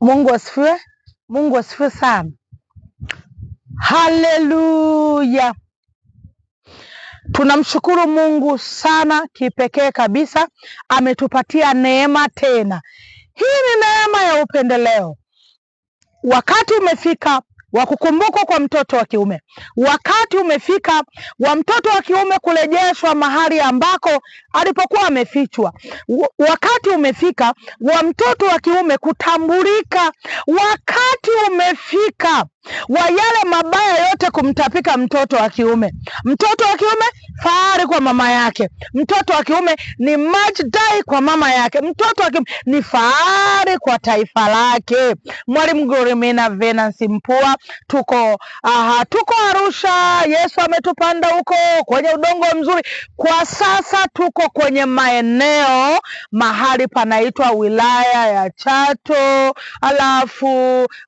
Mungu asifiwe, Mungu asifiwe sana. Haleluya, tunamshukuru Mungu sana kipekee kabisa, ametupatia neema tena. Hii ni neema ya upendeleo. Wakati umefika wa kukumbukwa kwa mtoto wa kiume. Wakati umefika wa mtoto wa kiume kurejeshwa mahali ambako alipokuwa amefichwa. Wakati umefika wa mtoto wa kiume kutambulika. Wakati umefika wa yale mabaya yote kumtapika mtoto wa kiume. Mtoto wa kiume fahari kwa mama yake, mtoto wa kiume ni majdai kwa mama yake, mtoto wa kiume ni fahari kwa taifa lake. Mwalimu Gurimina Venansi Mpua, tuko aha, tuko Arusha. Yesu ametupanda huko kwenye udongo mzuri. Kwa sasa tuko kwenye maeneo mahali panaitwa wilaya ya Chato, alafu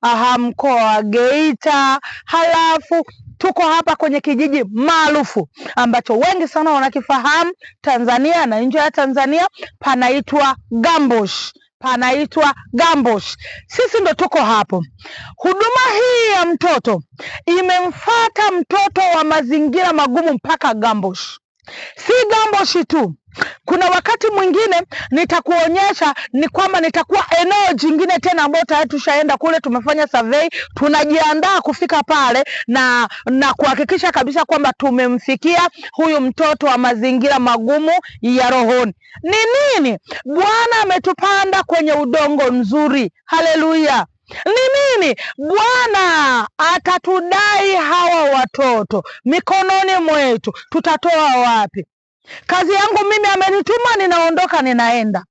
aha, mkoa wa Geita vita, halafu tuko hapa kwenye kijiji maarufu ambacho wengi sana wanakifahamu Tanzania na nje ya Tanzania, panaitwa Gambosh panaitwa Gambosh. Sisi ndo tuko hapo. Huduma hii ya mtoto imemfata mtoto wa mazingira magumu mpaka Gambosh. Si Gambosh tu, kuna wakati mwingine nitakuonyesha ni kwamba nitakuwa eneo jingine tena, ambayo tayari tushaenda kule, tumefanya survey, tunajiandaa kufika pale na na kuhakikisha kabisa kwamba tumemfikia huyu mtoto wa mazingira magumu ya rohoni. Ni nini? Bwana ametupanda kwenye udongo mzuri. Haleluya! Ni nini? Bwana atatudai hawa watoto mikononi mwetu, tutatoa wapi? Kazi yangu mimi, amenituma, ninaondoka, ninaenda.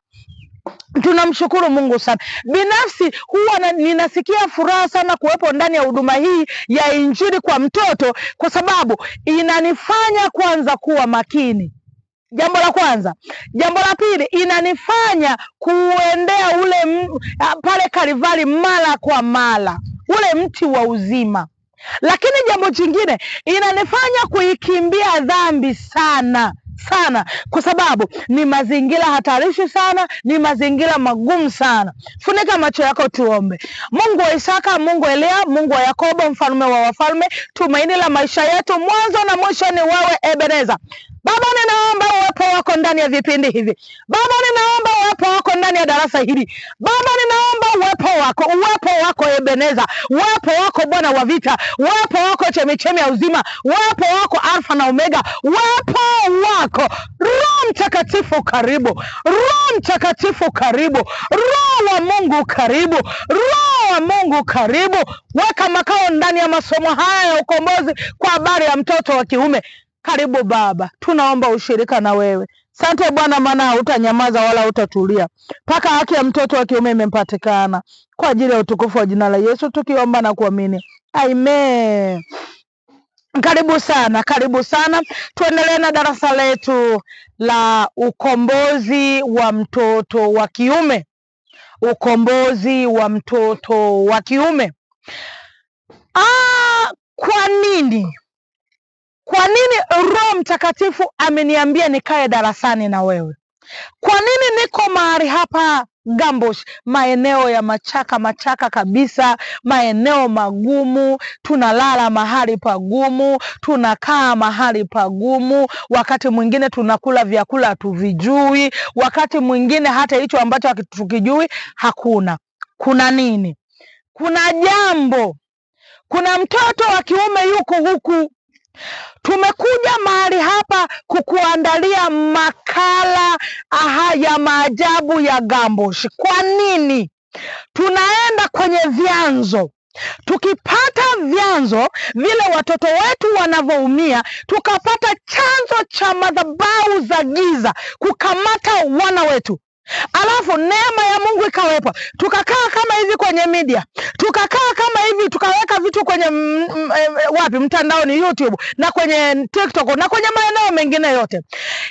Tunamshukuru Mungu sana. Binafsi huwa na, ninasikia furaha sana kuwepo ndani ya huduma hii ya Injili kwa mtoto, kwa sababu inanifanya kwanza kuwa makini Jambo la kwanza. Jambo la pili, inanifanya kuendea ule ah, pale Kalivari mara kwa mara, ule mti wa uzima. Lakini jambo jingine, inanifanya kuikimbia dhambi sana sana, kwa sababu ni mazingira hatarishi sana, ni mazingira magumu sana. Funika macho yako tuombe. Mungu wa Isaka, Mungu wa Elia, Mungu wa Yakobo, mfalme wa wafalme, tumaini la maisha yetu, mwanzo na mwisho ni wewe Ebeneza. Baba, ninaomba uwepo wako ndani ya vipindi hivi. Baba, ninaomba uwepo wako ndani ya darasa hili. Baba, ninaomba uwepo wako, uwepo wako Ebeneza, uwepo wako Bwana wa vita, uwepo wako chemichemi ya uzima, uwepo wako Alfa na Omega, uwepo wako yako. Roho Mtakatifu karibu, Roho Mtakatifu karibu, Roho wa Mungu karibu, Roho wa Mungu karibu. Weka makao ndani ya masomo haya ya ukombozi kwa habari ya mtoto wa kiume. Karibu Baba, tunaomba ushirika na wewe. Sante Bwana, maana hautanyamaza wala hautatulia mpaka haki ya mtoto wa kiume imepatikana. Kwa ajili ya utukufu wa jina la Yesu tukiomba na kuamini, amen. Karibu sana, karibu sana. Tuendelee na darasa letu la ukombozi wa mtoto wa kiume, ukombozi wa mtoto wa kiume. Ah, kwa nini, kwa nini Roho Mtakatifu ameniambia nikae darasani na wewe? Kwa nini niko mahali hapa Gambosh, maeneo ya machaka machaka kabisa, maeneo magumu, tunalala mahali pagumu, tunakaa mahali pagumu, wakati mwingine tunakula vyakula hatuvijui, wakati mwingine hata hicho ambacho hatukijui hakuna. Kuna nini? Kuna jambo, kuna mtoto wa kiume yuko huku Tumekuja mahali hapa kukuandalia makala aha ya maajabu ya Gumboot. Kwa nini? Tunaenda kwenye vyanzo tukipata vyanzo vile watoto wetu wanavyoumia, tukapata chanzo cha madhabahu za giza kukamata wana wetu, alafu neema ya Mungu ikawepo, tukakaa kama hivi kwenye media, tukakaa kama hivi, tukaweka vitu kwenye m, m, e, wapi, mtandaoni YouTube na kwenye TikTok na kwenye maeneo mengine yote,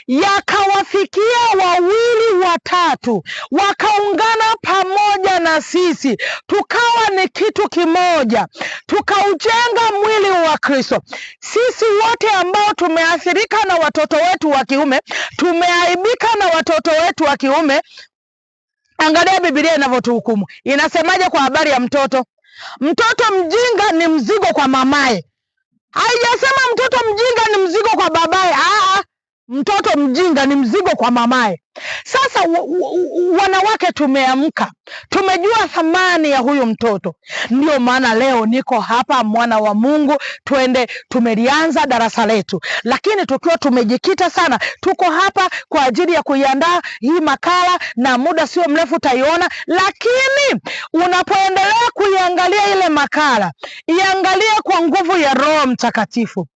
yakawafikia wawili watatu, wakaungana pamoja na sisi, tukawa ni kitu kimoja, tukaujenga mwili wa Kristo. Sisi wote ambao tumeathirika na watoto wetu wa kiume, tumeaibika na watoto wetu wa kiume Angalia Biblia inavyotuhukumu, inasemaje kwa habari ya mtoto? Mtoto mjinga ni mzigo kwa mamaye. Haijasema mtoto mjinga ni mzigo kwa babaye. Aa, mtoto mjinga ni mzigo kwa mamaye. Sasa wanawake tumeamka, tumejua thamani ya huyu mtoto. Ndio maana leo niko hapa, mwana wa Mungu, twende. Tumelianza darasa letu, lakini tukiwa tumejikita sana. Tuko hapa kwa ajili ya kuiandaa hii makala, na muda sio mrefu utaiona. Lakini unapoendelea kuiangalia ile makala, iangalie kwa nguvu ya Roho Mtakatifu.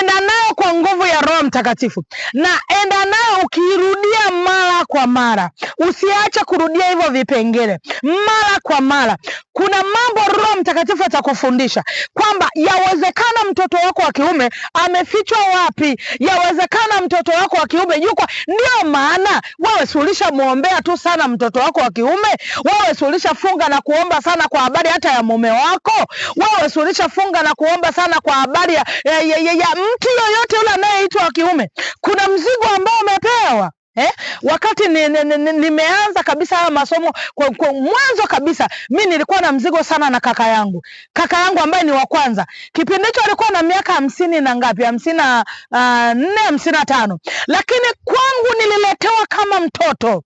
Enda nayo kwa nguvu ya Roho Mtakatifu, na enda nayo ukiirudia mara kwa mara. Usiache kurudia hivyo vipengele mara kwa mara. Kuna mambo Roho Mtakatifu atakufundisha kwamba yawezekana mtoto wako wa kiume amefichwa wapi, yawezekana mtoto wako wa kiume yuko. Ndio maana wewe sulisha muombea tu sana mtoto wako wa kiume, wewe sulisha funga na kuomba sana kwa habari hata ya mume wako, wewe sulisha funga na kuomba sana kwa habari ya, ya, ya, ya, ya mtu yoyote yule anayeitwa wa kiume. Kuna mzigo ambao umepewa Eh, wakati nimeanza ni, ni, ni kabisa haya masomo kwa, kwa mwanzo kabisa mi nilikuwa na mzigo sana na kaka yangu, kaka yangu ambaye ni wa kwanza. Kipindi hicho alikuwa na miaka hamsini na ngapi, hamsini na uh, nne hamsini na tano, lakini kwangu nililetewa kama mtoto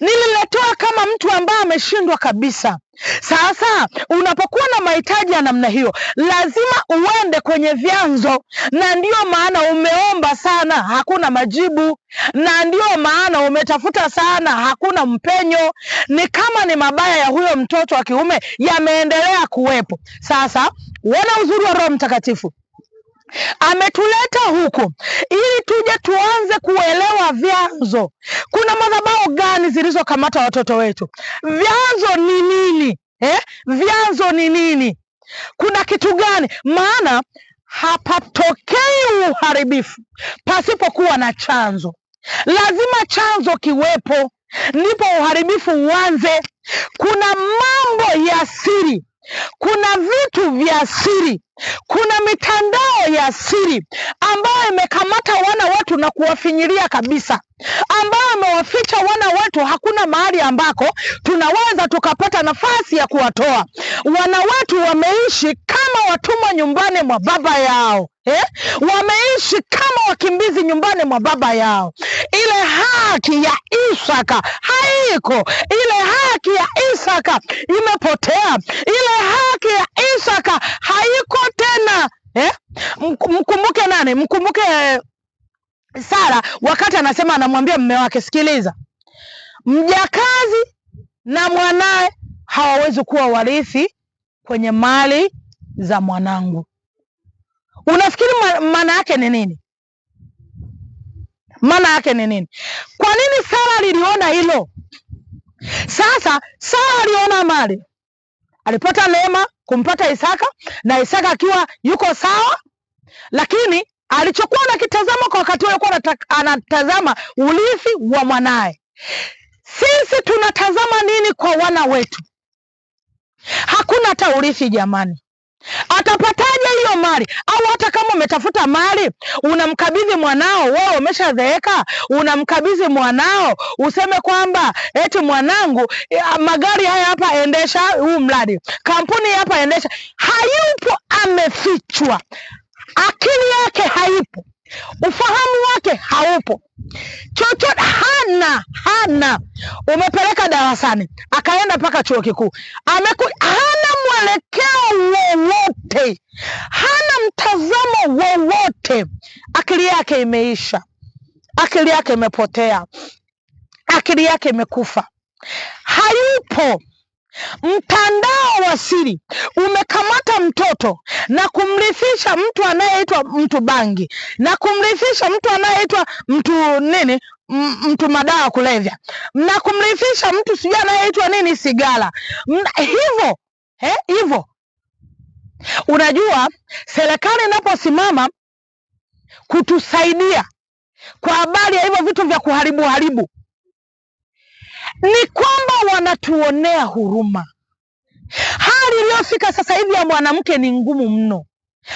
Nililetoa kama mtu ambaye ameshindwa kabisa. Sasa unapokuwa na mahitaji ya namna hiyo, lazima uende kwenye vyanzo, na ndiyo maana umeomba sana, hakuna majibu, na ndiyo maana umetafuta sana, hakuna mpenyo. Ni kama ni mabaya ya huyo mtoto wa kiume yameendelea kuwepo. Sasa wana uzuri wa Roho Mtakatifu. Ametuleta huku ili tuje tuanze kuelewa vyanzo. Kuna madhabahu gani zilizokamata watoto wetu? Vyanzo ni nini eh? Vyanzo ni nini? Kuna kitu gani? Maana hapatokei uharibifu pasipokuwa na chanzo. Lazima chanzo kiwepo, ndipo uharibifu uanze. Kuna mambo ya siri, kuna vitu vya siri kuna mitandao ya siri ambayo imekamata wana wetu na kuwafinyilia kabisa, ambayo amewaficha wana wetu. Hakuna mahali ambako tunaweza tukapata nafasi ya kuwatoa wana wetu. Wameishi kama watumwa nyumbani mwa baba yao eh? Wameishi kama wakimbizi nyumbani mwa baba yao. Ile haki ya Isaka haiko, ile haki ya Isaka imepotea, ile haki ya Isaka haiko Mkumbuke nani? Mkumbuke Sara wakati anasema anamwambia mme wake, sikiliza, mjakazi na mwanaye hawawezi kuwa warithi kwenye mali za mwanangu. Unafikiri maana yake ni nini? Maana yake ni nini? Kwa nini Sara aliliona hilo? Sasa Sara aliona mali, alipata neema, kumpata Isaka na Isaka akiwa yuko sawa, lakini alichokuwa anakitazama kwa wakati alikuwa anatazama urithi wa mwanaye. Sisi tunatazama nini kwa wana wetu? Hakuna hata urithi jamani. Atapataje hiyo mali? Au hata kama umetafuta mali, unamkabidhi mwanao, wewe umeshadheeka, unamkabidhi mwanao, useme kwamba eti mwanangu, eh, magari haya hapa, endesha huu mradi, kampuni hapa, endesha. Hayupo, amefichwa, akili yake haipo ufahamu wake haupo chochote, hana hana. Umepeleka darasani, akaenda mpaka chuo kikuu, ameku hana mwelekeo wowote, hana mtazamo wowote, akili yake imeisha, akili yake imepotea, akili yake imekufa, hayupo. Mtandao wa siri umekamata mtoto na kumrithisha mtu anayeitwa mtu bangi na kumrithisha mtu anayeitwa mtu nini mtu madawa kulevya na kumrithisha mtu sijui anayeitwa nini sigara hivyo hivyo unajua serikali inaposimama kutusaidia kwa habari ya hivyo vitu vya kuharibu haribu ni kwamba wanatuonea huruma. Hali iliyofika sasa hivi ya mwanamke ni ngumu mno,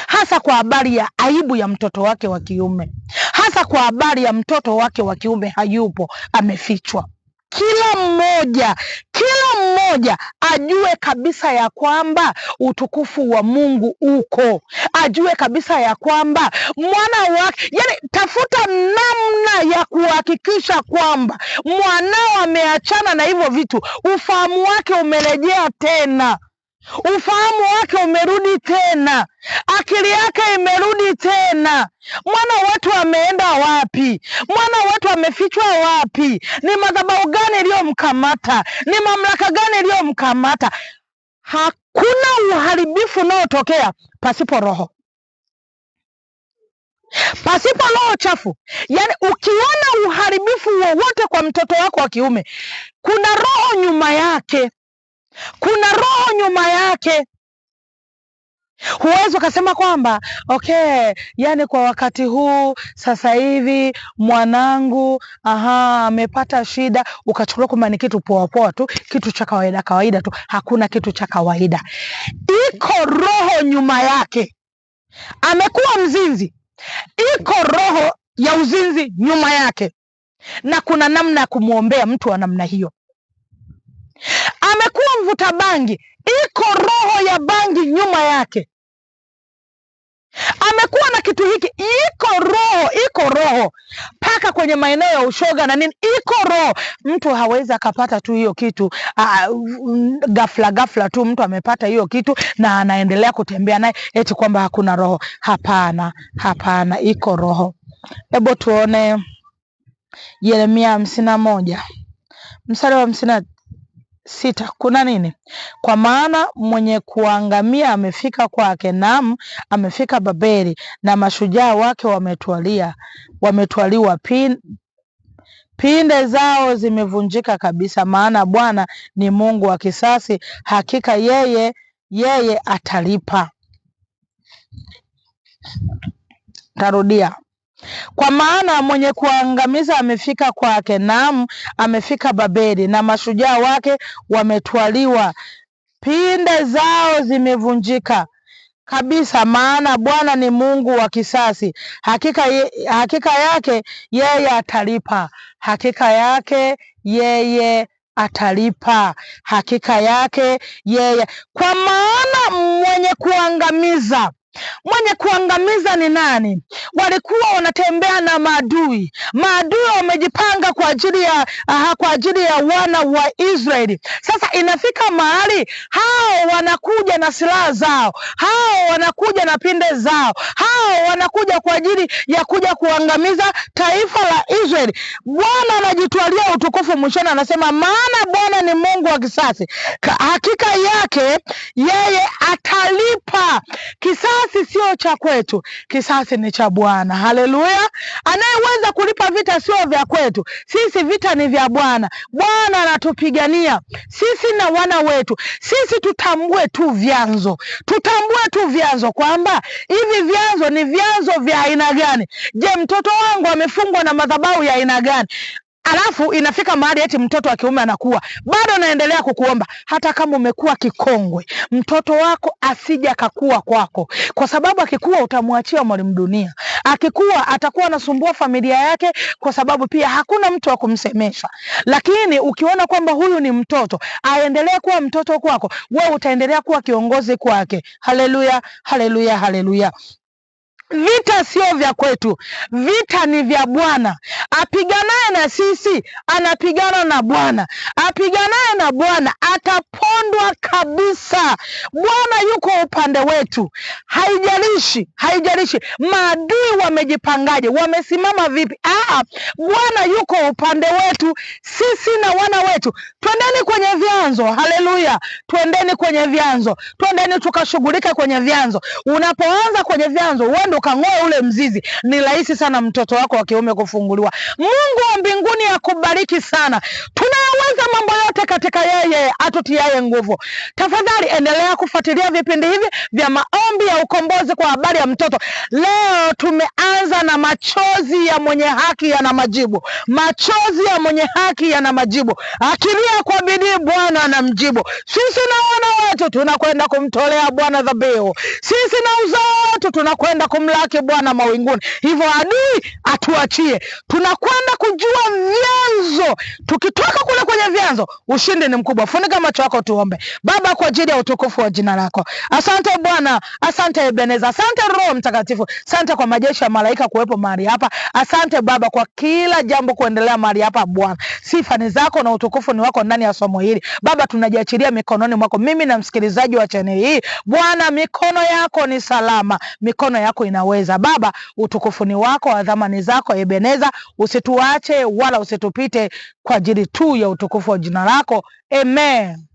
hasa kwa habari ya aibu ya mtoto wake wa kiume, hasa kwa habari ya mtoto wake wa kiume hayupo, amefichwa kila mmoja, kila mmoja ajue kabisa ya kwamba utukufu wa Mungu uko, ajue kabisa ya kwamba mwana wake, yani tafuta namna ya kuhakikisha kwamba mwanao ameachana na hivyo vitu, ufahamu wake umerejea tena. Ufahamu wake umerudi tena, akili yake imerudi tena. Mwana wetu ameenda wapi? Mwana wetu amefichwa wapi? Ni madhabahu gani iliyomkamata? Ni mamlaka gani iliyomkamata? Hakuna uharibifu unaotokea pasipo roho, pasipo roho chafu. Yaani, ukiona uharibifu wowote kwa mtoto wako wa kiume, kuna roho nyuma yake kuna roho nyuma yake. Huwezi ukasema kwamba okay, yani kwa wakati huu sasa hivi mwanangu aha, amepata shida, ukachukulia kwamba ni kitu poapoa tu, kitu cha kawaida kawaida tu. Hakuna kitu cha kawaida, iko roho nyuma yake. Amekuwa mzinzi, iko roho ya uzinzi nyuma yake, na kuna namna ya kumwombea mtu wa namna hiyo amekuwa mvuta bangi, iko roho ya bangi nyuma yake. Amekuwa na kitu hiki, iko roho, iko roho mpaka kwenye maeneo ya ushoga na nini, iko roho. Mtu hawezi akapata tu hiyo kitu a, ah, mm, ghafla ghafla tu mtu amepata hiyo kitu na anaendelea kutembea naye eti kwamba hakuna roho. Hapana, hapana, iko roho. Hebu tuone Yeremia hamsini na moja mstari wa hamsini na sita kuna nini? Kwa maana mwenye kuangamia amefika kwake, nam amefika Babeli, na mashujaa wake wametwalia, wametwaliwa pin, pinde zao zimevunjika kabisa. Maana Bwana ni Mungu wa kisasi, hakika yeye yeye atalipa. Tarudia. Kwa maana mwenye kuangamiza amefika kwake, naam, amefika Babeli, na mashujaa wake wametwaliwa, pinde zao zimevunjika kabisa, maana Bwana ni Mungu wa kisasi, hakika, ye, hakika yake yeye atalipa, hakika yake yeye atalipa, hakika yake yeye. Kwa maana mwenye kuangamiza Mwenye kuangamiza ni nani? Walikuwa wanatembea na maadui. Maadui wamejipanga kwa ajili ya aha, kwa ajili ya wana wa Israeli. Sasa inafika mahali hao wanakuja na silaha zao, hao wanakuja na pinde zao, hao wanakuja kwa ajili ya kuja kuangamiza taifa la Israeli. Bwana anajitwalia utukufu mwishoni, anasema maana Bwana ni Mungu wa kisasi, hakika yake yeye atalipa kisasi Kisasi sio cha kwetu, kisasi ni cha Bwana. Haleluya! Anayeweza kulipa vita sio vya kwetu sisi, vita ni vya Bwana. Bwana anatupigania sisi na wana wetu. Sisi tutambue tu vyanzo, tutambue tu vyanzo kwamba hivi vyanzo ni vyanzo vya aina gani. Je, mtoto wangu amefungwa na madhabahu ya aina gani? alafu inafika mahali eti mtoto wa kiume anakuwa bado naendelea kukuomba, hata kama umekuwa kikongwe, mtoto wako asija kakua kwako, kwa sababu akikua utamwachia mwalimu dunia. akikuwa atakuwa anasumbua familia yake, kwa sababu pia hakuna mtu wa kumsemesha. Lakini ukiona kwamba huyu ni mtoto, aendelee kuwa mtoto kwako, wewe utaendelea kuwa kiongozi kwake. Haleluya, haleluya, haleluya. Vita sio vya kwetu, vita ni vya Bwana. Apiganaye na sisi anapigana na Bwana, apiganaye na Bwana atapondwa kabisa. Bwana yuko upande wetu, haijalishi, haijalishi maadui wamejipangaje, wamesimama vipi. Aa, Bwana yuko upande wetu, sisi na wana wetu. Twendeni kwenye vyanzo, haleluya! Twendeni kwenye vyanzo, twendeni tukashughulika kwenye vyanzo. Unapoanza kwenye vyanzo, uende ukang'oa ule mzizi, ni rahisi sana mtoto wako wa kiume kufunguliwa. Mungu wa mbinguni akubariki sana. tunaweza mambo yote katika yeye atutiaye nguvu. Tafadhali endelea kufuatilia vipindi hivi vya maombi ya ukombozi kwa habari ya mtoto. Leo tumeanza na machozi ya mwenye haki yana majibu, machozi ya mwenye haki yana majibu. Akilia kwa bidii, Bwana anamjibu. Sisi na wana wetu tunakwenda kumtolea Bwana dhabihu, sisi na uzao wetu tunakwenda kum lake Bwana mawinguni. Hivyo adui atuachie, tunakwenda kujua vyanzo. Tukitoka kule kwenye vyanzo, ushindi ni mkubwa. Funika macho yako, tuombe. Baba, kwa ajili ya utukufu wa jina lako, asante Bwana, asante Ebeneza, asante Roho Mtakatifu, asante kwa majeshi ya malaika kuwepo mahali hapa. Asante Baba kwa kila jambo kuendelea mahali hapa. Bwana, sifa ni zako na utukufu ni wako ndani ya somo hili. Baba, tunajiachilia mikononi mwako, mimi na msikilizaji wa chaneli hii. Bwana, mikono yako ni salama, mikono yako ina unaweza. Baba, utukufuni wako wa dhamani zako Ebeneza, usituache wala usitupite kwa ajili tu ya utukufu wa jina lako. Amen.